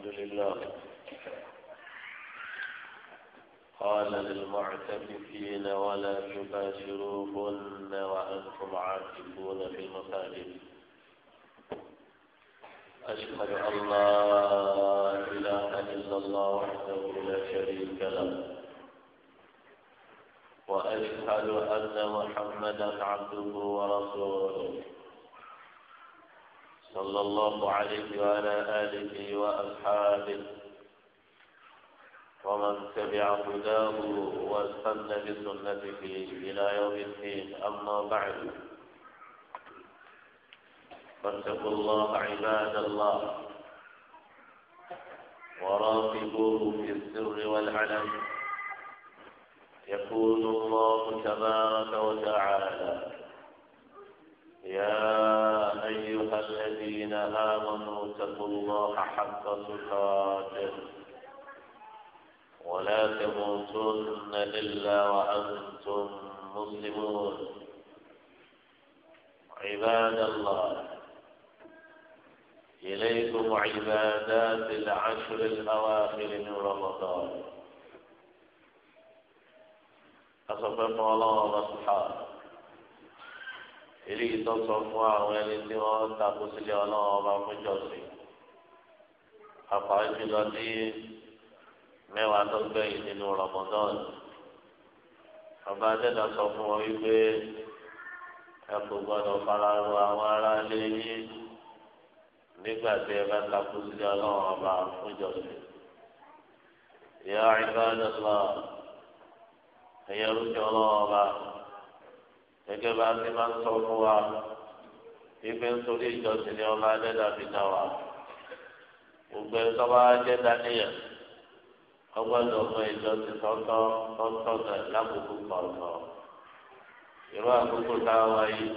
الحمد لله قال للمعتكفين ولا تباشروهن وأنتم عاكفون في المساجد أشهد أن لا إله إلا الله وحده لا شريك له وأشهد أن محمدا عبده ورسوله صلى الله عليه وعلى آله وأصحابه ومن تبع هداه واستنى بسنته إلى يوم الدين أما بعد فاتقوا الله عباد الله وراقبوه في السر والعلم يقول الله تبارك وتعالى يا أيها الذين آمنوا اتقوا الله حق تقاته ولا تموتن إلا وأنتم مسلمون عباد الله إليكم عبادات العشر الأواخر من رمضان أصبحنا الله سبحانه eléyìí tó sọ fún àwọn ẹni tí wọ́n takò sílẹ̀ ọlọ́run ọba fúnjọsìn àpàjù lọ sí mẹ́wàá tó gbẹ̀yìn nínú Ramadan ọba adẹ́dà sọ fún wọn wípé ẹ kò gbọdọ̀ farahàn àwọn ará ilé nígbà tí ẹ bá takò sílẹ̀ ọlọ́run ọba fúnjọsìn ìyá àìbá ẹ̀dọ́gba ẹ̀yẹ rúkẹ́ ọlọ́run ọba gẹ́gẹ́ bá ti máa ń sọ fún wa ibi nítorí ìjọsìn ni ọba adẹ́dà fi dá wa gbogbo ẹ̀ tó bá jẹ́ dáníyàn ọgbọ́dọ̀ ọmọ ìjọsìn tọ́tọ́ tọ́tọ́ gẹ̀ lákòókò kọ̀ọ̀tọ̀ irú àkókò táwa yìí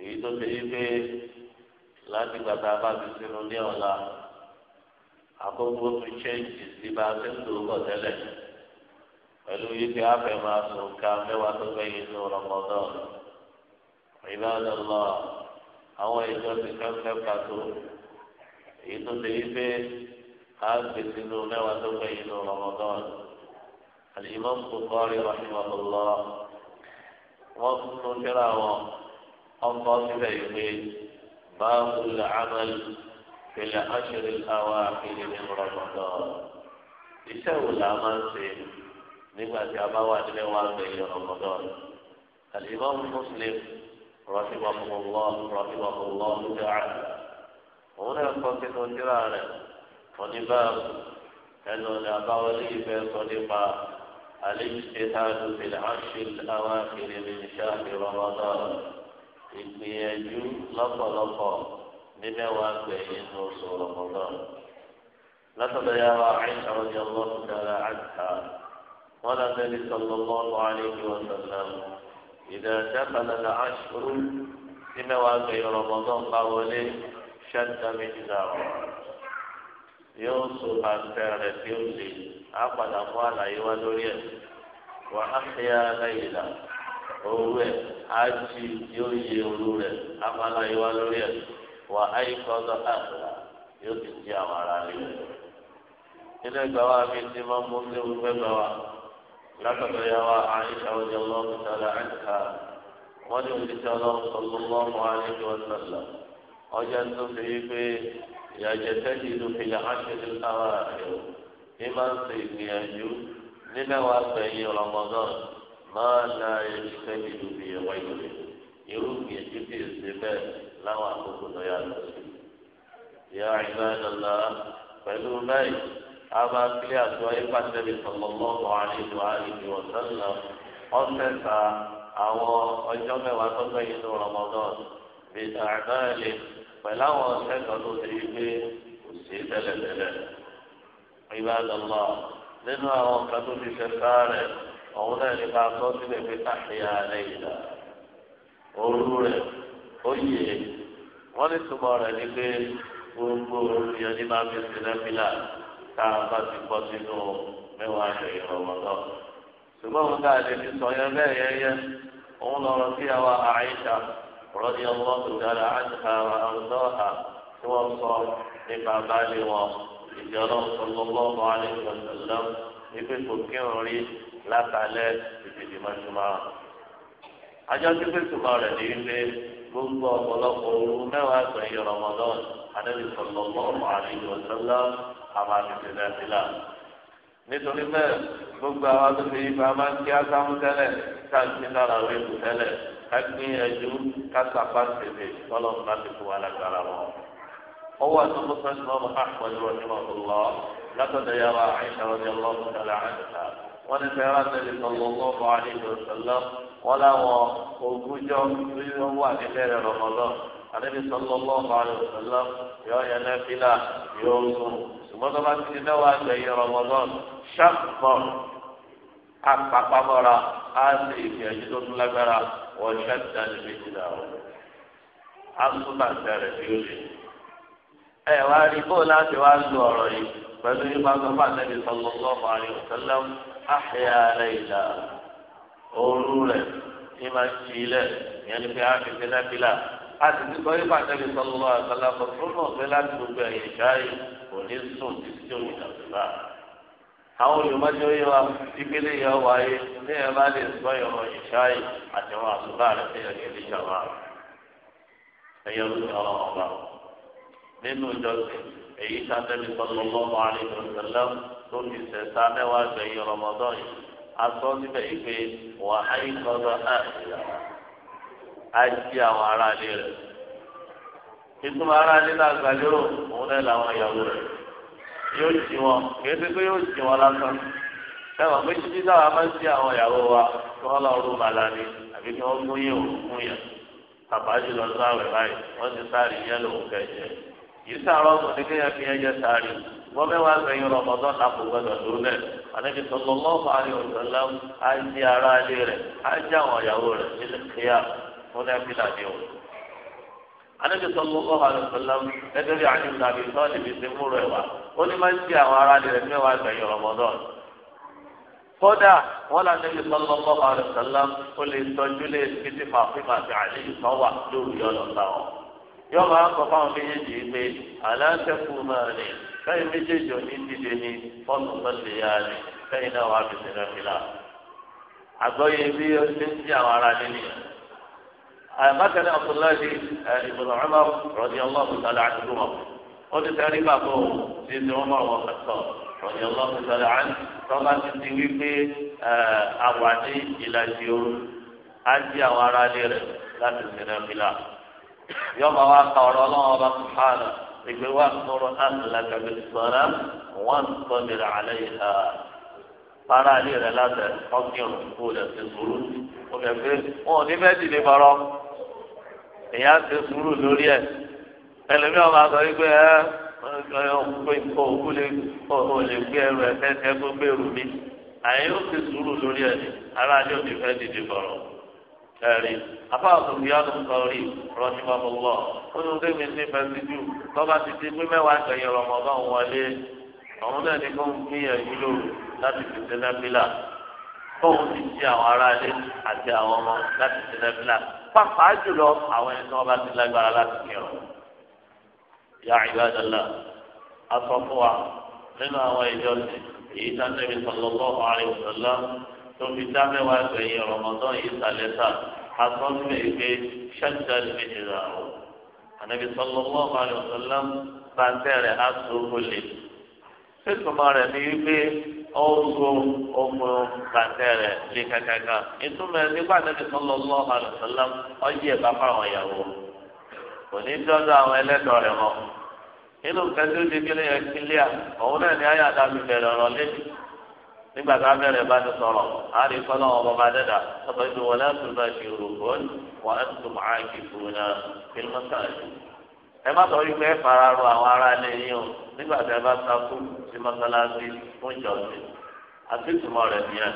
èyí tó ṣe yí pé láti gbàtà bá ti sinú ní ọ̀la àkókò tó ṣe ń jì sí bọ̀ tẹ́lẹ̀ yìí pẹ̀lú yìí tí a fẹ́ máa sùn ká mẹ́wàá tó fẹ́ yìí ní Ramadan ìbádọ́lọ́ àwọn ìjọ ti kẹ́kẹ́ pàtó èyí tó ti yí pé a gbé sínú mẹ́wàá tó fẹ́ yìí ní Ramadan Al-Imam Bukhari rahimahullah wọ́n nínú kíra wọn ọkọ̀ síbẹ̀ yìí pé báwo lè amal fil ashr al-awakhir min Ramadan iṣẹ́ wo làá máa ṣe nígbà tí a bá wà nílé wa gbẹ̀yìn ọ̀rọ̀mọdọ́ Al-Imam Muslim rahimahullah rahimahullah ta'ala òun náà kọ́ sínú tíra rẹ̀ oníbà ẹnu ní abáwọlé ìfẹ́ sọ nípa al-ijtihad fil ashr al-awakhir min ìgbìyànjú lọ́pọ̀lọpọ̀ níbẹ̀ wà gbẹ̀yìn ní oṣù Ramadan látọ̀dọ̀ yàrá àìsàn ọ̀dẹ̀ ọlọ́run قال النبي صلى الله عليه وسلم إذا دخل العشر في مواقع رمضان قوله شد مجزاره يوسف أنتر يوسف أقل أموال يوالوريا وأحيا ليلا هو أجي يوجي ولوريا أمال يوالوريا وأيقظ أهلا يوسف جاء على ليلا إلى قوامي سمام مسلم بقوامي látọ̀dọ̀ ya wa àyíṣà ọjà ọlọ́run tààlà àìsà wọ́n ní òṣìṣẹ́ ọlọ́run sọlọ́lọ́run àyíṣà ọ̀sọ̀lá ọjà tó fi yí pé ìyàjẹ́ tẹ́lẹ̀ ìlú fìlà áṣẹ́lẹ̀ àwọn àṣẹ ní máa ń ṣe ìgbìyànjú nímẹ̀wàá gbẹ̀yìn Ramadan máa na ìṣẹ́ ìlú fi ẹ̀wọ́ ìlú irú ìgbìyànjú tí ì ṣe bẹ́ẹ̀ láwọn àkókò náà yà lọ sí. ìyá ìgbà أما في أسوأ النبي صلى الله عليه وآله وسلم أسس أو أجمع وتبين رمضان بأعمال فلا وسيلة تدريب سيد الأدلة عباد الله لما وقتوا في شكاره وهنا لقاطات بتحيا ليلى ورورة أيه ولتمارا لكي gbogbo olùyẹn ní bá fi sílẹ̀ fílà tá a bá ti bọ́ sínú mẹ́wàá ìròyìn ọ̀mọ̀dọ́. ṣùgbọ́n mo dáa lè fi sọ yẹn bẹ́ẹ̀ yẹn yẹn òun lọ́rọ̀ sí àwa àìsà rọ́dí ọlọ́dún dára àìsà àrùndọ́ha tí wọ́n sọ nípa báyìí wọn ìdí ọlọ́run sọlọ́lọ́ọ̀mọ́ àlejò ìpè kò kí n rí látàlẹ́ ìdìdì mọ́ṣúmọ́. àjọ tí pé tùmọ̀ rẹ̀ ní ilé gbogbo ọ̀pọ̀lọpọ̀ òru mẹ́wàá gbẹ̀yìn rọmọdọ́ọ̀nù àdébí sallallahu alaihi wa sallam àmà tètè dàtìlà. nítorí bẹ́ẹ̀ gbogbo àwọn àtúnṣe ibà máa ń kí ásámú tẹ́lẹ̀ káàkiri lára rẹ̀ kù tẹ́lẹ̀ káàkiri ẹ̀jú kásàpá tètè tọ́lọ́ bá ti fún wa lágbára wọn. هو المصنف الإمام أحمد رحمه الله لقد يرى عائشة رضي الله تعالى عنها ونسير النبي الله عليه وسلم ولا وقوجه في هو في رمضان àdébí sọlọ lọ́wọ́ àlùfẹ́lá yọ ọ̀yẹ́ lẹ́fílà yóò sùn ṣùgbọ́n tó bá ti di mẹ́wàá gbẹ̀yìn rọmọdún ṣàpọ̀ apapamọ́ra á sì ìgbìyànjú tó tún lágbára wọ́n ṣẹ́ta níbi ìdílà ọ̀ á tún bá bẹ̀rẹ̀ bí ó lè. ẹ wá rí bó láti wá lu ọ̀rọ̀ yìí pẹ̀lú yípa tó bá àdébí sọlọ lọ́wọ́ àlùfẹ́lá àṣeyà rẹ̀ ìlà òru rẹ̀ ní máa ń ṣí ilẹ̀ ìyẹn ní pé á fi fi náà àti ní sọ yípa tẹ́lẹ̀ sọlọ́wọ́ àgbàlá kọ̀ọ̀tún náà fẹ́ láti gbogbo ẹ̀yẹ ṣááyé kò ní sùn títí tí omi nàìjíríà. àwọn olùmọ́jọ́ yìí wá ìpele yẹn wáyé ní ẹ̀ bá lè sọ ìrọ̀ ìṣááyé àti àwọn àtúbà rẹ̀ ní ẹ̀yẹ ní ìjọba. ẹ̀yẹ ló ní ọlọ́wọ́ ọba. nínú ìjọsìn èyí sátẹ́lẹ̀ sọlọ́wọ́ àlejò tó fi sẹ̀ta mẹ́wàá gbẹ̀yìn rọmọdọ́ yìí. a sọ níbẹ̀ yìí pé wàhálì kọ́dọ̀ àìyá àti àwọn ará ilé rẹ̀ ìtumọ̀ ará ilé náà gbàlérò òun náà làwọn ìyàwó rẹ̀ yóò jì wọn kìí ṣe pé yóò jì wọn lásán ẹ̀wọ̀n pé títí táwa máa ń sí àwọn ìyàwó wa kí wọ́n lọ rú bàlá ni àbí kí wọ́n gún yẹ̀wò fún yẹn bàbá jùlọ sáré báyìí wọ́n ti sáré yẹn lòun kẹ̀jẹ̀ yìí sàrọ̀ ọ̀sán kéèyàn fi ẹ̀jẹ̀ sáré wọ́n mẹ́wàá gbẹ̀yìn rọmọdún lápò gbọdọ̀ ló lẹ̀ ànábi sọlọ́lọ́ọ̀fà ayọ̀sọ̀lá á jẹ́ ara ilé rẹ̀ á àwọn ìyàwó rẹ̀ nílẹ̀ kíá ọ̀nà ìfìlà ni o. Ànábì sallallahu alaihi wasallam gẹ́gẹ́ bí àdìmú nàbí sọ́ọ̀lì fi ṣe múrò ẹ̀wà ó ní máa ń ti àwọn ará rẹ̀ mẹ́wàá gbẹ̀yìn Ramadan. kódà wọn là níbi sallallahu alaihi wasallam ó lè tọ́jú lé títí Fàtímà àti Àlí ìtọ́wà lórí ọ̀nà táwọn. yọ máa ń kọ fáwọn méjèèjì pé àlàáfẹ́kù máa rìn fẹ́yìn méjèèjì òní dìde ní fọ́ọ̀nù mọ́lẹ̀ yá rìn fẹ́yìn náà wà á fi ṣe مثلا عبد الله بن عمر رضي الله تعالى عنهما قد تعرف أبو سيدنا عمر والخطاب رضي الله تعالى عنه طبعا تنتهي أوعدي إلى جيور أجي أورا لير لا تسير بلا يوم واقع الله سبحانه يقول واقع أهلك بالصلاة وانصبر عليها fara ilé rẹ látẹ ọgbìn òkú rẹ ti sùúrù ó fẹ́ pé wọn ò ní fẹ́ dìde bọrọ èèyàn ti sùúrù lórí ẹ ẹlẹmi ọba sọ wípé ẹ òkú lè òkú lè gbé ẹrù ẹ fẹ́ fẹ́ kó gbé ẹrù mi àyè ó ti sùúrù lórí ẹ ara ilé ò ní fẹ́ dìde bọrọ ẹ̀rí afáàtò bíọ́dún sọ̀rí rọ́ṣùmọ́mọ́lọ́ ọdún tẹ́mi ní fẹ́síjú tọ́ba ti ti pín mẹ́wàá gbẹ̀yìn rọ̀mọ́dọ́ wọlé ọ̀hún náà ní kó ń gbìyànjú lóru láti fi ṣe náfìlà tóun ti jí àwọn aráalé àti àwọn ọmọ láti ṣe náfìlà pàápàá jùlọ àwọn ẹni tí wọn bá ti lágbára láti kírun. ya ibadallah aṣọ fún wa nínú àwọn ìjọ sí èyí tá Nabi sallallahu alaihi wasallam tó fi dá mẹ́wàá gbẹ̀yìn Ramadan yìí sàlẹ́sà aṣọ sílẹ̀ ìgbé ṣẹ́ńtà lè ṣe rà ó. Ànábi sallallahu alaihi wasallam bá ń tẹ̀rẹ̀ aṣọ òkòlè. ṣé tùmọ̀ rẹ̀ ní ọ̀gbọ́n ọmọ kàtẹ́rẹ̀ lé kàkàkà ìtumọ̀ ẹ̀ nígbà tẹ́lẹ̀ sọ́lọ́ lọ́ àlùsọ́lá ọjẹ́ ẹ̀bá fáwọn ìyàwó kò dọ́dọ̀ àwọn ẹlẹ́dọ̀ rẹ̀ mọ́ inú kẹsí ó ndị kílé yẹn náà ní ayé bẹ̀rẹ̀ ọ̀rọ̀ nígbà tá a bẹ̀rẹ̀ bá ti sọ̀rọ̀ a rí bá dẹ́dà wọn máa kí fún un náà ẹ má sọ wípé ẹ fara ro àwọn ará ilé yín o nígbà tí ẹ bá takú sí mọ́sálásí fún ìjọsìn àti ìtumọ̀ rẹ̀ nìyẹn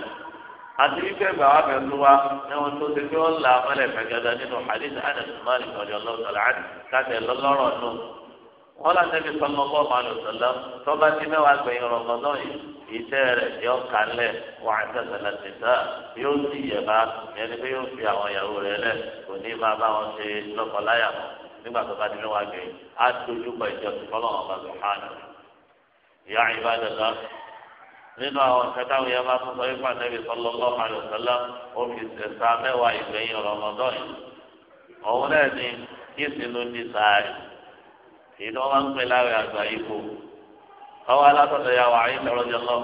àti wípé gbà wá bẹ̀ tó wá ẹ̀wọ̀n tó ti fi wọ́n là mọ́lẹ̀ fẹ́gẹ́dá nínú hadith Anas Malik radiyallahu ta'ala anhu káàtẹ́ lọ́lọ́rọ̀ nù wọ́n là nẹ́bi sọ́mọ́ bọ́ màlù sọ́lá tọ́ba tí mẹ́wàá gbẹ̀yìn rọ̀mọ́dọ́ yìí iṣẹ́ nígbà tó bá di lọ́wọ́ àgbẹ̀ á dojú kọ ìjọsìn fọlọ́run ọba sùhánù. ìyá ìbádọ́lá nínú àwọn kẹtàwé yẹn máa tún sọ yípa nẹ́bí sọlọ́lọ́ àlùsọ́lá ó fi ṣẹ̀ṣà mẹ́wàá ìgbẹ̀yìn rọmọdọ́ yìí. òun náà ni kí sinú ní sàárì èyí tó máa ń pè láwẹ̀ àgbà ipò. ọwọ́ alátọ̀tọ̀ ya wà áyín lọ́rọ́ jẹ́ lọ́wọ́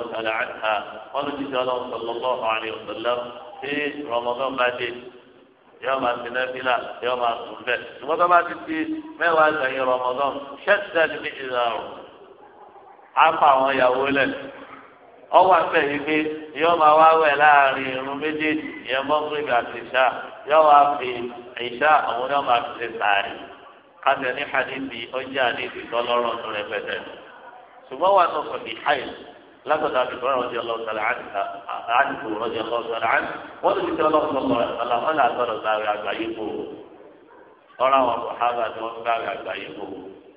sọ̀rọ̀ yóò máa ti nẹ́fílà yóò máa sùn bẹ́ẹ̀ ṣùgbọ́n tó bá ti di mẹ́wàá ìgbẹ̀yìn rọmọdán ṣẹ́tẹ́ ní ìlà ọ̀rùn á fa àwọn ìyàwó lẹ̀ ọwọ́ àgbẹ̀ yìí pé yóò máa wá wẹ̀ láàrin irun méjèèjì ìyẹn mọ́gírìbì àti ìṣá yóò wá fi ìṣá àwọn yóò máa fi sàárì kájẹ ní hadithi ọjà ní ìfìtọ́lọ́rọ̀ tó rẹpẹtẹ ṣùgbọ́n wà tó لقد أبي هريرة رضي الله تعالى عنه رضي الله تعالى عنه ولد الله صلى الله عليه وسلم ألا ترى ساوي عجائبه ọ̀rọ̀ àwọn sọ̀hábà tí wọ́n gbàgbé àgbáyé kò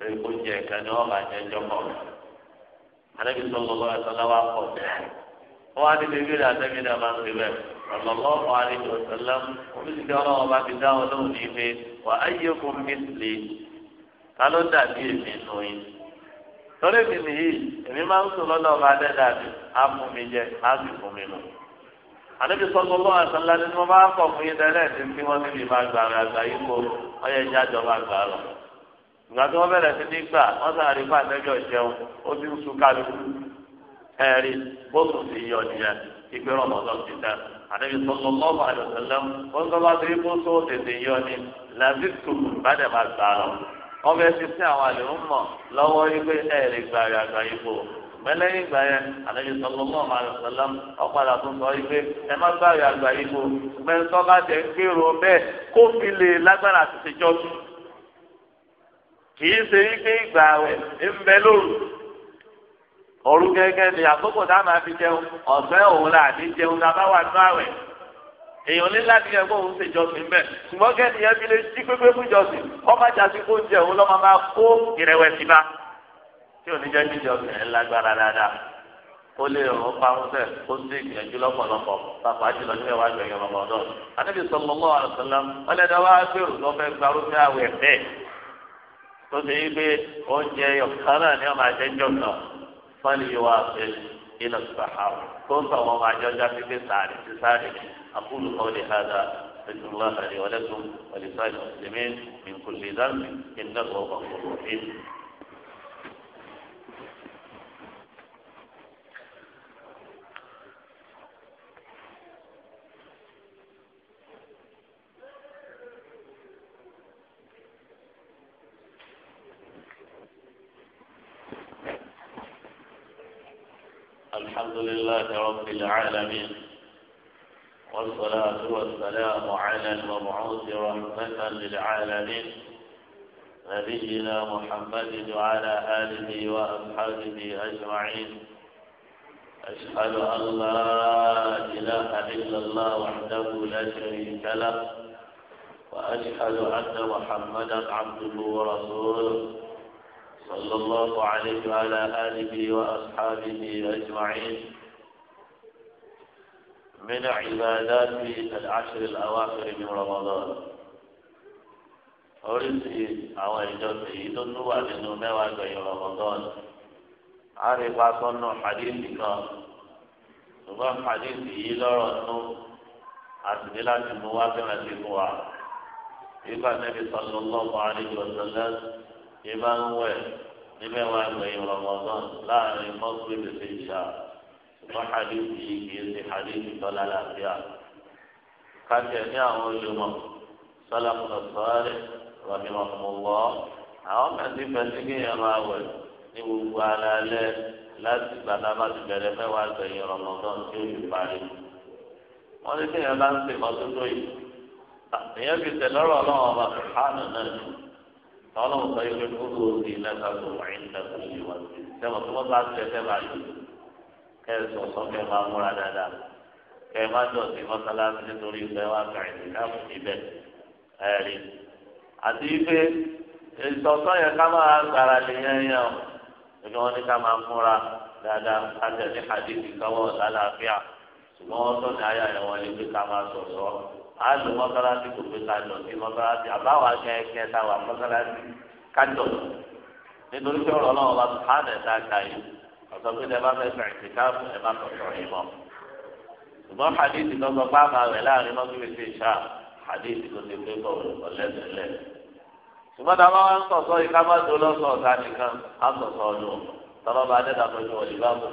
èkó jẹ ẹ̀ka ni wọ́n máa jẹ ẹjọ́ kọ̀. Ànábi sọ̀rọ̀ lọ́wọ́ ẹ̀sọ́ láwá pọ̀. Wọ́n wá níbi ìbéèrè àtẹ́bí náà máa ń pè bẹ́ẹ̀. Ọ̀lọ́lọ́ ọ̀hún àlejò ọ̀sẹ̀lẹ̀ oríṣiríṣi ọlọ́wọ́ bá fi dáhùn lóhùn ní ife wà á yẹ kó mísìlì. Ta ló dàbí èmi nù yín? torí mi nìyí èmi máa ń sùn lọ́dọ̀ ọba dẹ́dà mi á mú mi jẹ á sì fún mi mu. àníbi sọ́kọ́ lọ́wọ́ àtàlá ni wọ́n bá kọ̀ fún yín tẹ́lẹ̀ tí tí wọ́n níbi máa gbà rà gbà yín kó ọyẹ jẹ́ àjọba gbà lọ. ìgbà tí wọ́n bẹ̀rẹ̀ sí ní gbà wọ́n sàárì fún àtẹ́jọ́ ìjẹun ó ti ń sun kálukú. ẹ̀rí bóòtù ti yọ nìyẹn ìgbé rọ̀mọ́tọ́ ti àníbi sọ́kọ́ ọbẹ̀ ti sí àwọn àlè ń mọ̀ lọ́wọ́ wípé ẹ̀ lè gbà rẹ̀ àgbà yìí bò mẹlẹ́yìn ìgbà yẹn àlejò sọlọ́mọ́ àlùsọ̀lọ́m ọ̀padà tó sọ wípé ẹ má gbà rẹ̀ àgbà yìí bò mẹ́tọ́ bá jẹ́ gbèrò bẹ́ẹ̀ kó fi lè lágbára àti ṣèjọ́ tù kì í ṣe ìgbà rẹ̀ ń bẹ lóru òru gẹ́gẹ́ ni àkókò táwọn máa fi jẹun ọ̀sẹ̀ òun là ní jẹun tá a bá wà nínú àwẹ̀ èèyàn ní láti yẹ kó òun ṣe ìjọsìn bẹ́ẹ̀ ṣùgbọ́n kẹ́ni yẹn fi lè jí pépé fún ìjọsìn ọmọ ìjàsí kó jẹ òun lọ́mọ máa kó ìrẹ̀wẹ̀sì bá tí ò ní jẹ́ kí ìjọsìn ẹ̀ lágbára dáadáa ó lè rọ̀ parúnṣẹ́ ó ń dé ìgbìyànjú lọ́pọ̀lọpọ̀ pàpà jùlọ ní ẹ̀wà gbẹ̀yìn ọmọdọ́ ànábì sallallahu alaihi wasallam ọlẹ́dá wa gbèrò lọ fẹ́ gbarúfẹ́ àwẹ̀ bẹ́ẹ̀ tó ṣe yí pé oúnjẹ ọ̀kan náà ni ọmọ àjẹjọ́ kan fọ́lì wa pẹ̀lú إلى الصحابة كنت وما جاء في سعر سعر أقول قولي هذا أستغفر الله لي ولكم ولسائر المسلمين من كل ذنب إنه هو الغفور الرحيم الحمد لله رب العالمين والصلاة والسلام على المبعوث رحمة للعالمين نبينا محمد وعلى آله وأصحابه أجمعين أشهد أن لا إله إلا الله وحده لا شريك له وأشهد أن محمدا عبده ورسوله صلى الله عليه وعلى آله وأصحابه أجمعين من عبادات العشر الأواخر من رمضان oríṣi àwọn ìjọsìn yìí tó tún wà nínú mẹ́wàá gbẹ̀yìn Ramadan á rí pásọ nù hadithi kan ṣùgbọ́n hadithi yìí lọ́rọ̀ nù àtìní láti mú wá fẹ́ràn sí fún wa. ìgbà nẹ́bí sallallahu alaihi wa sallam ìbá ń wẹ̀ níbẹ̀ wá gbẹ̀yìn rọmọdán láàrin mọ́gbìlì sí ìṣá ṣùgbọ́n hadith yìí kì í ṣe hadith tọ́lá làbíà kájẹ ní àwọn olùmọ̀ sọlá mọ̀sọ́rẹ́ rọ̀mìmọ̀mọ̀wọ́ àwọn mẹ́tí mẹ́tí kí yẹn máa wẹ̀ ní gbogbo alálẹ́ láti gbàdá bá ti bẹ̀rẹ̀ mẹ́wàá gbẹ̀yìn rọmọdán tí ó fi parí wọ́n ní kí yẹn bá ń ṣe mọ́tótó yìí ìyẹn fi tẹ̀ ọlọ́run ọba tọ́lọ́ sọ yìí pé kó ló di lẹ́ka tó wà ní lẹ́kọ̀ọ́ yìí wá sí i sẹ́wọ̀n tó wọ́n bá tẹ fẹ́ máa yìí kẹ́ ẹ sọ sọ kẹ́ ẹ máa múra dáadáa kẹ́ ẹ má dọ̀tí mọ́sálásí nítorí ìfẹ́ wa kà ẹ̀ ní káàpù níbẹ̀ ẹ̀ rí àti pé ìsọ̀tọ̀ yẹn ká máa gbára lè yẹn yẹn o ẹ̀mí wọn ní ká máa múra dáadáa kájẹ ní hadithi káwọ́ lálàáfíà ṣùgbọ́n wọ́n tọ́ àlò mọ́sálásí kò gbé kájọ sí mọ́sálásí àbáwá kẹ́kẹ́ táwa mọ́sálásí kájọ nítorí pé ọ̀rọ̀ náà wà sùpáàdé tá a kà yìí ọ̀sọ̀ pé ẹ bá fẹ́ fẹ́ ẹ̀sìn káàbù ẹ bá sọ̀tọ̀ yìí mọ́. ṣùgbọ́n hadith tó sọ pé àmà rẹ̀ láàrin mọ́sálásí ti ṣá hadith tó ti gbé bọ̀ ọ̀lẹ́sẹ̀lẹ̀. ṣùgbọ́n táwa wá ń sọ̀sọ́ yìí ká má tó lọ́sọ̀ ọ̀tá nìkan á sọ̀sọ̀ ọdún tọ́lọ́ba adẹ́dàbọ̀jọ́ ìbámu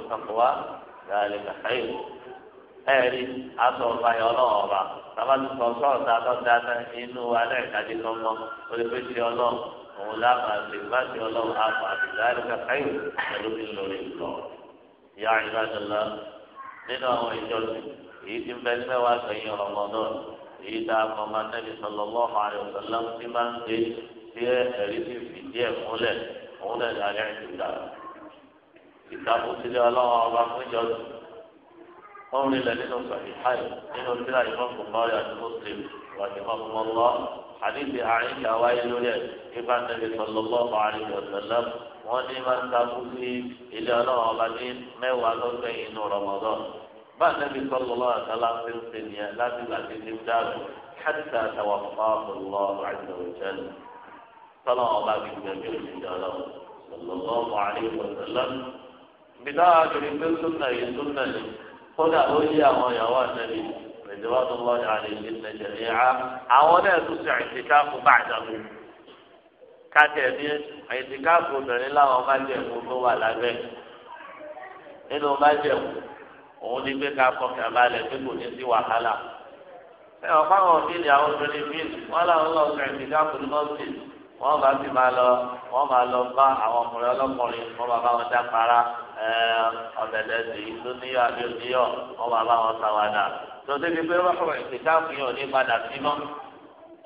ẹ̀rí aṣọ ọba yẹn ọlọ́wọ́ ọba bàbá tó sọ sọ́ọ̀ ta tó dáná inú alẹ́ ìdájí tó mọ́ olùkọ́ ti ọlọ́wọ́ òun lábàá sí bá ti ọlọ́wọ́ àpò àtìláyé kàkáyò pẹ̀lú bí lórí lọ. ìyá ìlú àdàlà nínú àwọn ìjọsìn èyí ti bẹ mẹ́wàá sẹ́yìn Ramadan èyí tá a mọ̀ máa nẹ́bi sallallahu alaihi wasallam tí máa ń gbé tí ẹ̀rí ti fi díẹ̀ múlẹ̀ òun náà ní alẹ́ ìdúrà ìtàkùn sílẹ̀ ọlọ́wọ́ ọba fún ìjọsìn wọ́n rí lẹ́nu nínú sàhìhàn nínú tíra ìmọ̀ kùmọ́rí àti muslim wàjúmọ́ lọ àdìsí àyíká wáyé lórí ẹ̀ ibà nàbì sọlọ́lọ́ àríwá ọ̀sẹ̀lẹ̀ wọ́n ní máa ń takú sí ilé ọlọ́run ọba ní mẹ́wàá lọ́sẹ̀ inú rọmọdọ́ bá nàbì sọlọ́lọ́ àtàlà ń fi ń fi nìyẹn láti láti ní dáàbò hàtà àtàwọn fáfọlọ́ àríwá ọ̀sẹ̀lẹ̀ sọlọ́ ọba fi gbẹ̀mí òṣìṣẹ́ ọlọ́run sọlọ́lọ́ àríwá ọ̀sẹ̀lẹ̀ kódà ó yí àwọn ìyàwó àtẹ̀lé ìjọba tó lọ ní àlè ìgbésẹ̀ jẹ̀lẹ̀ á àwọn náà tún ṣe àìsíkáàfù bá àjàgbó kájẹ̀ ní àìsíkáàfù obìnrin láwọn bá jẹ̀ kó tó wà lábẹ́ nínú bá jẹ̀ kó òun ní pé ká fọkàn balẹ̀ pé kò ní sí wàhálà ẹ wọ́n fáwọn òbí ni àwọn obìnrin míì wọ́n láwọn lọ sọ àìsíkáàfù nọ́ọ̀sì wọ́n bá ti máa lọ wọ́n máa lọ bá àwọn ọkùnrin Eh, ọ̀dẹ̀dẹ̀ sì tó níyọ̀ àbí oníyọ̀ wọ́n máa bá wọn ṣàwàdà tó débi pé rọ́pọ̀ ìtìkáàfù yìí ò ní padà sí mọ́.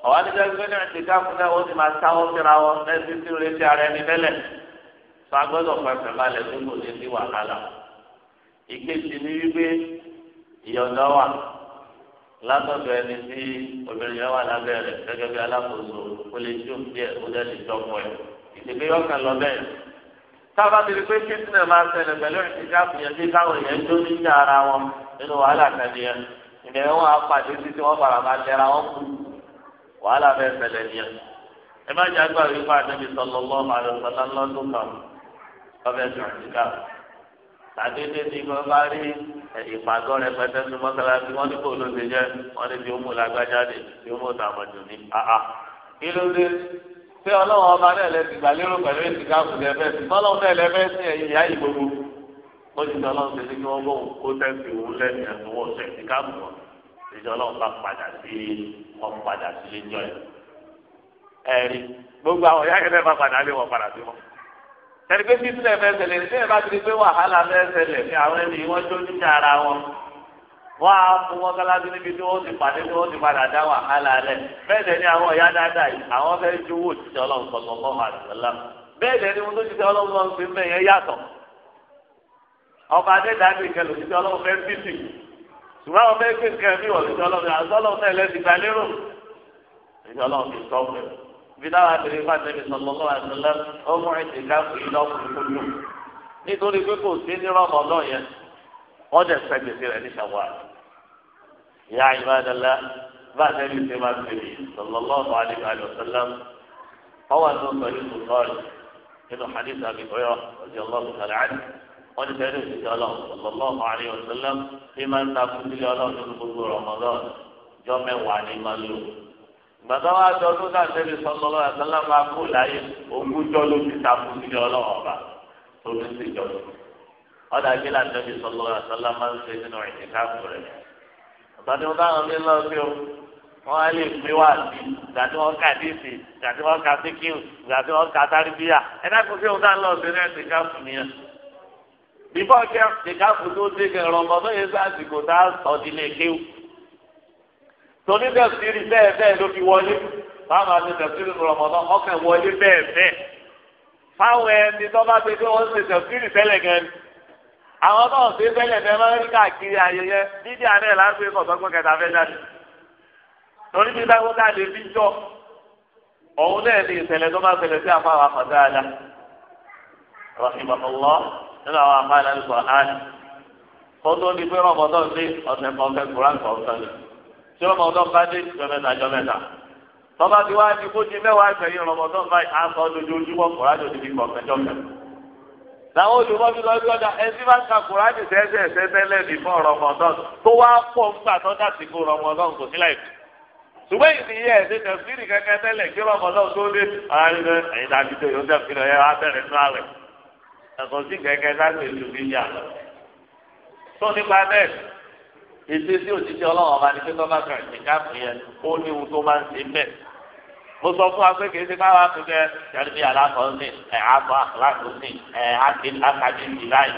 ọ̀wá nígbà pé ní ìtìkáàfù náà ó ti máa sáwọ́ síra wọn lẹ́sí tí ó lè fi ara ẹni tẹ́lẹ̀ tó a gbọ́dọ̀ pẹ̀pẹ̀ balẹ̀ tó kò ní sí wàhálà. ìkejì ni wípé ìyọ̀dọ̀ wà látọ̀dọ̀ ẹni tí obìnrin yẹn wà lábẹ́ rẹ̀ gẹ́gẹ́ bí alákòóso ó lè jó díẹ̀ ó dẹ́ sábà ti di pé fitna máa ṣẹlẹ̀ pẹ̀lú ìdíjà fìyànjú káwọn èèyàn jó níjà ara wọn nínú wàhálà kàdíyà ìbẹ̀rẹ̀ wọn apàdé títí wọn fara máa lẹ́ra wọn kú wàhálà bẹ́ẹ̀ ṣẹlẹ̀ díẹ̀. ẹ má jẹ́ àgbà wípé àdébí sọlọ lọ́ àlùfọ́lá lọ́dún kan ọbẹ̀ ìdíjà tàdédé ni wọn bá rí ìpàgọ́ rẹ pẹ̀tẹ́ ní mọ́sálásí wọn ní kò ló ṣe jẹ́ wọn ní bí ó mú lágbájáde bí ó mú tàmọ̀dù ní àhà kí ló dé pé ọlọ́run ọba náà lẹ́sìn ìgbà lérò pẹ̀lú èsì káàkùn lẹ́fẹ́ sí bọ́lọ́run náà lẹ́fẹ́ sí ẹ̀yìn ìyá ìgbogbo ó ti sọ ọlọ́run tẹ̀lé kí wọ́n bọ̀ kó tẹ̀sí òun lẹ́sìn ẹ̀sìn wọ́n sọ èsì káàkùn wọn ìjọ ọlọ́run bá padà sí wọn padà sí ilé jọ ẹ̀rí gbogbo àwọn ìyá yẹn bá padà lé wọn padà sí wọn. ẹni pé bí sílẹ̀ fẹ́ ṣẹlẹ̀ ní wọ́n á mú wọn kálábí níbi tí wọ́n ti pàdé tí wọ́n ti padà dá wàhálà rẹ̀ bẹ́ẹ̀ dẹ̀ ni àwọn ọ̀yá dáadáa yìí àwọn fẹ́ ju owó òṣìṣẹ́ ọlọ́run sọ̀tọ̀ fọ́ọ̀mù àdìsọ́lá bẹ́ẹ̀ dẹ̀ ni mo tó ṣiṣẹ́ ọlọ́run sọ̀tọ̀ fi mẹ́ yẹn yàtọ̀ ọkọ̀ adédáàbí ìkẹlẹ̀ òṣìṣẹ́ ọlọ́run fẹ́ bísì ṣùgbọ́n àwọn fẹ́ gbé nǹkan bí òṣìṣẹ́ ọlọ́run àtọ́lọ́run náà lẹ́sìn gba lérò òṣìṣẹ́ ọlọ́run fi sọ pé bí táwọn àtẹ̀lé fún àtẹ̀lé sọ̀lọ́lọ́ àtẹ̀lẹ́ ọmọ ẹ̀jẹ̀ káfù yìí lọ́kùnrin kó يا عباد الله بعد النبي صلى الله عليه وآله وسلم هو أنه صحيح البخاري إنه حديث أبي هريرة رضي الله تعالى عنه قال سيدنا صلى الله عليه وسلم لمن تقول لي الله في رمضان جمع وعلي ملوك gbàtà wa jọ ọdún náà tẹ́lẹ̀ sọ́lọ́lọ́ àtàlà máa kó láyé ogúnjọ́ ló ti الله fún ilé ọlọ́wọ́ ọba tó ti ṣèjọ́ ọ̀dà gbé láti tẹ́lẹ̀ sọ́lọ́lọ́ àtàlà ọ̀tọ̀ ni wọ́n táwọn mi lọ sí o wọ́n á lè pé wá sí ìgbà tí wọ́n ka díìsì ìgbà tí wọ́n ka síkìú ìgbà tí wọ́n ka sáríbíyà ẹ dákun sí òun táwọn lọ sí náà ti káfù nìyẹn. bíbọ̀ kẹ́ ti káfù tó dé kẹ́ rọmọ tó yẹ sásìkò tá ọ̀dìlẹ̀ kéwù. torí tẹ̀síìrì bẹ́ẹ̀ bẹ́ẹ̀ ló fi wọlé báwọn àti tẹ̀síìrì rọmọ ọkàn wọlé bẹ́ẹ̀ bẹ́ẹ̀ fáwọn ẹni tó bá ti àwọn náà ṣe bẹ́lẹ̀ fẹ́ máa ń rí káàkiri ayẹyẹ dídí àárẹ̀ láti ṣe kọ̀sọ́gbọ́n kẹta fẹ́ jáde torí bí táwọn jáde bí jọ òun náà tó máa sí nínú àwọn kó tó pé sí kúrán bá dé jọmẹta jọmẹta tọ́ba ti wá di kó di mẹ́wàá báyìí á sọ ọdún ojoojúmọ́ kúrán làwọn olùmọ́bí lọ sí ọjà ẹtí máa ń ka kùránì sẹ́sẹ̀ sẹ́sẹ̀ lẹ́bi fún rọmọdán tó wá pọ̀ ńgbà tó dàsí kó rọmọdán kò sí láìpẹ́ ṣùgbọ́n ìdíyẹ ẹ̀sìn tẹ̀síìrì kẹ́kẹ́ tẹ́lẹ̀ kí rọmọdán tó dé àárín ẹ̀yìn tàbí tó yóò tẹ̀sí lọ yẹ wá bẹ̀rẹ̀ nínú àwẹ̀ ẹ̀kọ́ sí kẹ́kẹ́ láti ìlú bí yà lọ. tó nípa bẹ́ẹ̀ ìṣesí òṣìṣẹ́ ọlọ́run ọba ni pé tọ́ mo sọ fún wa pé kì í ṣe káwa tó kẹ tẹlifí alákọọsí ẹ àbọ àkọlákọọsí ẹ àti àkàdé ìdíláyì.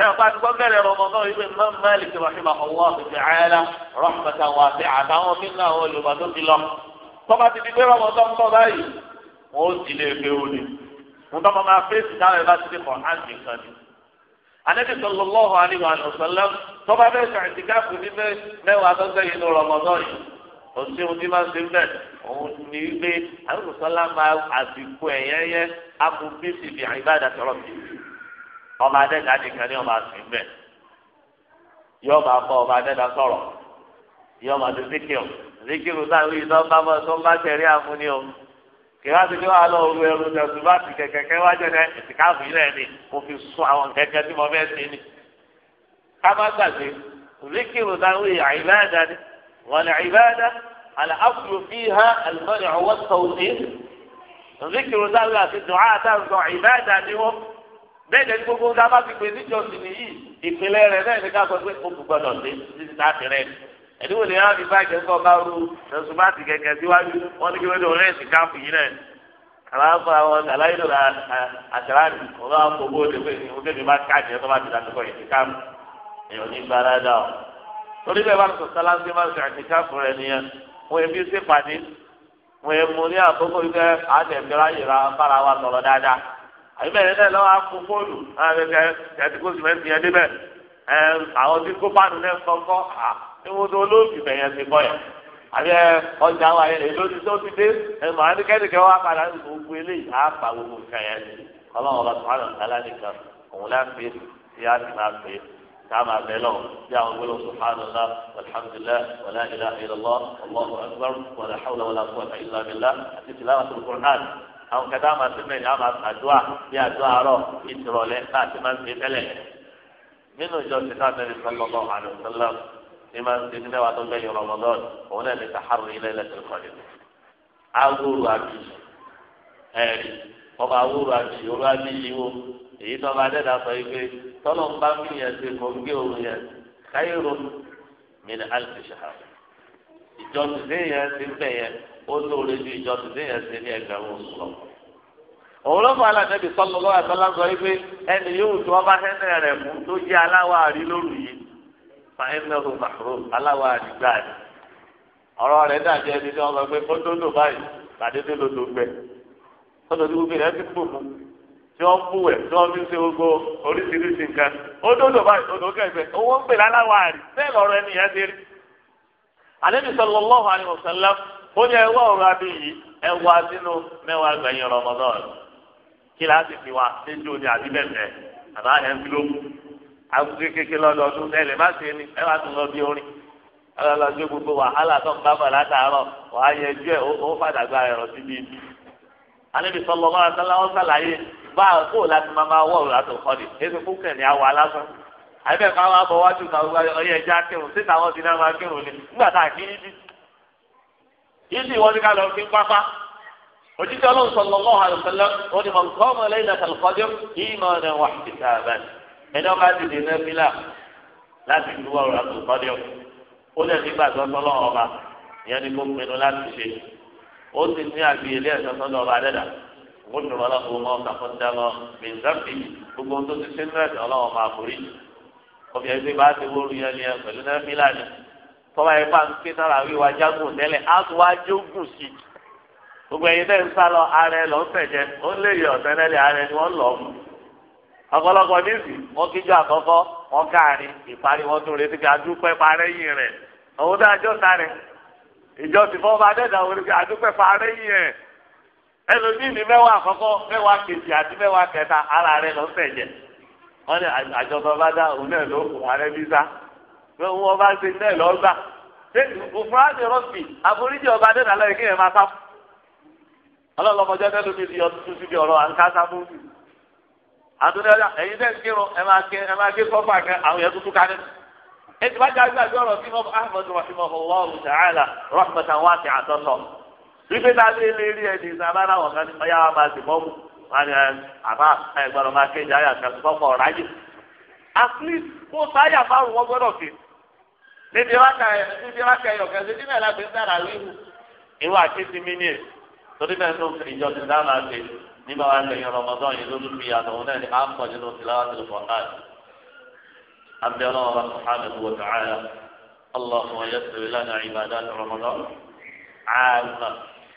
ẹ ọ̀pá àti gbọ́ngẹ̀rẹ̀ rọmọdún yìí pé mọ́n mẹ́lì kí wàá ṣèbà ọwọ́ ọ̀sẹ̀ àyẹ́lá rọ́pẹ̀tà wà sí àtàwọn mínú àwọn olùkọ́ tó ti lọ. tọ́ba ti di pé rọmọdún ń bọ̀ báyìí wọ́n ó ti lè fi ó ni. mo tọ́mọ máa fèsì táwọn ẹ̀fà ti fi kọ̀ áǹtì kan ni. anabi sallallahu alaihi wa sallam tọ́ba bẹ́ẹ̀ òsì ohun tí máa ń ṣe bẹ́ẹ̀ òun ni wípé àlùkòsọ́lá máa àsìkò ẹ̀yẹ́ yẹ abu bíbí bí àyíbáda tọrọ bí ọba adẹ́gà nìkan ni ọba àsìn bẹ́ẹ̀ yọ ọba bọ ọba adẹ́gà sọ̀rọ̀ yọ ọba tó zikiru zikiru sáwọn yìí tó ń bá bọ tó ń bá tẹ̀lé àfúnni o kìlá ti ní wàá lọ ru ẹrù tẹ̀sùn bá ti kẹ̀kẹ́ wájú ẹ̀ ìsìkáàfù yìí lẹ́ni mo fi sún àwọn kẹ̀kẹ́ tí mo fẹ́ sí ni ká má gbàgbé zikiru sáwọn yìí àyíbáda ni. والعبادة الأصل فيها المنع والتوصيل ذكر الله في الدعاء وعبادة لهم bẹ́ẹ̀ ni gbogbo ńlá bá fi pè ní jọ̀sìn nìyí ìpínlẹ̀ rẹ̀ náà ní ká sọ pé o kò gbọdọ̀ lé títí tá fi rẹ̀ ẹni wo lè fi báyìí kẹ́kọ̀ọ́ bá ru ẹ̀sùn bá ti kẹ̀kẹ́ síwájú wọ́n ní kí wọ́n lè rẹ̀ sí káàpù yìí náà kàláfà wọn kàláyé lò àṣàrà mi wọ́n bá fọwọ́ lè pè ní o kébì bá káàdì ẹ̀ tó bá ti dàgbẹ́ kọ́ torí bẹ́ẹ̀ bá lọ sọ̀tà láti má ṣe àtìkáfù rẹ̀ nìyẹn wọ́n ebi sí pàdé wọ́n emu ní àkókò ìgbẹ́ àtẹ̀gbẹ́rẹ́ àyèrà bára wa sọ̀rọ̀ dáadáa àbí bẹ́ẹ̀ náà lọ́wọ́ akó fóònù àtìkó sìmẹ́ntì yẹn débẹ̀ àwọn tí kó pàdé náà kọ́kọ́ ìwọ́n tó olóògbé bẹ̀yẹn ti bọ́ yẹn àbí ọjà wa yẹn èlò ti tó ti dé ẹ̀mọ́ àdékẹ́dẹ́kẹ́ wa padà gbogbo eléyìí á pa gbogbo nǹkan ni ọlọ́run ọba tó كما بلغ يا أولو سبحان الله والحمد لله ولا إله إلا الله والله أكبر ولا حول ولا قوة إلا بالله هذه تلاوة القرآن àwọn kẹta máa ti mẹ́rin àwọn àdúrà bí àdúrà àárọ̀ ìtìrọ̀lẹ́ náà ti máa ń ṣe tẹ́lẹ̀ nínú ìjọ ti ká mẹ́rin sọlọ́lọ́ àlùsọ́lá ni máa ń ṣe ní mẹ́wàá tó gbẹ̀yìn rọmọdọ́ọ̀nù òun náà ní sàhárù ilé ẹlẹ́sìn kọ́ni. awúrò àbí ẹ̀rí ọba awúrò àbí òru àbí yíwó èyí tó bá dẹ́ta sọ yìí pé tọ́lọ̀ ń bá fi yẹn ṣe kò ń gé òun yẹn káyọ̀rọ̀ mi ní alìsí ṣàkóso ìjọsìn tí yẹn ti ń bẹ̀ yẹn ó lóore ju ìjọsìn tí yẹn ti ní ẹgbẹ̀rún oṣù lọ. òun ló fọ alàdẹ́bí sọ́lọ lọ́wọ́ àtọ́lá sọ yìí pé ẹni yóò tó ọba hẹ́nẹ́ rẹ̀ mú tó jẹ́ aláwọ̀ àrí lóru yìí fa ẹnẹ́rù màrú aláwọ̀ àrí gbà ní. ọ̀rọ̀ rẹ̀ dàbí ẹni tí wọ́n sọ pé ó tó lò báyìí tàdé tó lò tó gbẹ tí wọ́n e ẹ̀ tí wọ́n fi ń ṣe gbogbo oríṣiríṣi nǹkan odòdó báyìí odò kẹfẹ́ owó ń pè láláwà rí bẹ́ẹ̀ lọ́rọ̀ ẹni yẹn ti rí. àlejò sallallahu alaihi wasallam ó ní ẹwà ọ̀rọ̀ abẹ yìí ẹwà sínú mẹ́wàá gbẹ̀yìn kí láti fi wá ní àbá kékeré lọ́dọọdún má ni lọ bí orin bá a kó láti máa máa wọ ọ̀rọ̀ àti òkọdì ebi kú kẹlẹ àwọ alásán àbẹ ká wà bọ wájú ká wọ ọyẹ ẹja kírun síta wọn ti náà máa kírun ni nígbà tá a kí yídì yídì wọn ni ká lọ fi pápá òjijì ọlọ́run sọlọ lọ àlùfẹlẹ wọn ni mọlùkọ ọmọ lẹ́yìn náà kàlùkọjọ yìí máa nà wà kíkà abẹni ẹni ọba ti dè náà fi là láti lu ọ̀rọ̀ àti gbọ́dọ̀ wà láwọn ọmọ ọkà fún dáná mẹsàmì gbogbo tó ti ṣe nínú ẹsẹ̀ Ọlọ́run máa forí ọbẹ ẹgbẹ́ bá ti wọlú yẹn ni ẹ pẹ̀lú náà mílà ni tọba yẹn bá ń ké sára wíwá jágùn tẹ́lẹ̀ á tún wá jógùn sí i gbogbo ẹ̀yin náà ń sá lọ ara ẹ lọ ń fẹjẹ ó lè yọ ọtẹlẹlẹ ara ẹ ni wọn lọ mú ọ̀pọ̀lọpọ̀ níìsì wọn kíjọ àkọ́kọ́ wọn káàrin ìparí ẹlòmíì ní mẹ́wàá àkọ́kọ́ mẹ́wàá kejì àti mẹ́wàá kẹta ara rẹ lọ sẹ̀jẹ̀ wọn ni àjọba bá dá òun náà ló kù ààrẹ bísà wọn bá ṣe náà lọ gbà òfurá ti rọ́ọ̀bì àforíjì ọba dẹ́nà kí máa mi ti yọ tuntun síbi ọ̀rọ̀ ẹ̀yin kírun ẹ máa ké ẹ máa ké kẹ àwọn yẹn tuntun kárẹ́ ọ̀rọ̀ sí mọ́ wípé ta lé lé rí ẹni sábà náà wọ̀n kan ní ọyá wa máa sì mọ́mú wọn ni àbá ẹgbọ́dọ̀ máa kéde ayà kan kọ́kọ́ ọ̀rá yìí. at least kó sáyà márùn wọn gbọ́dọ̀ fi níbi rákà níbi rákà ẹyọ kẹsì nínú ẹ̀la fi ń dára wíwù. ìwọ àti ti mí ní ẹ torí bẹ́ẹ̀ tó fi ìjọ ti dáná ṣe nígbà wà lẹ́yìn rọmọdán yìí lórí mi àtọ̀hún náà ni à ń pọ̀ nínú tìláwàtì lọ́kàn àbí ọlọ́run subhanahu wa ta'ala اللهم يسر لنا عبادات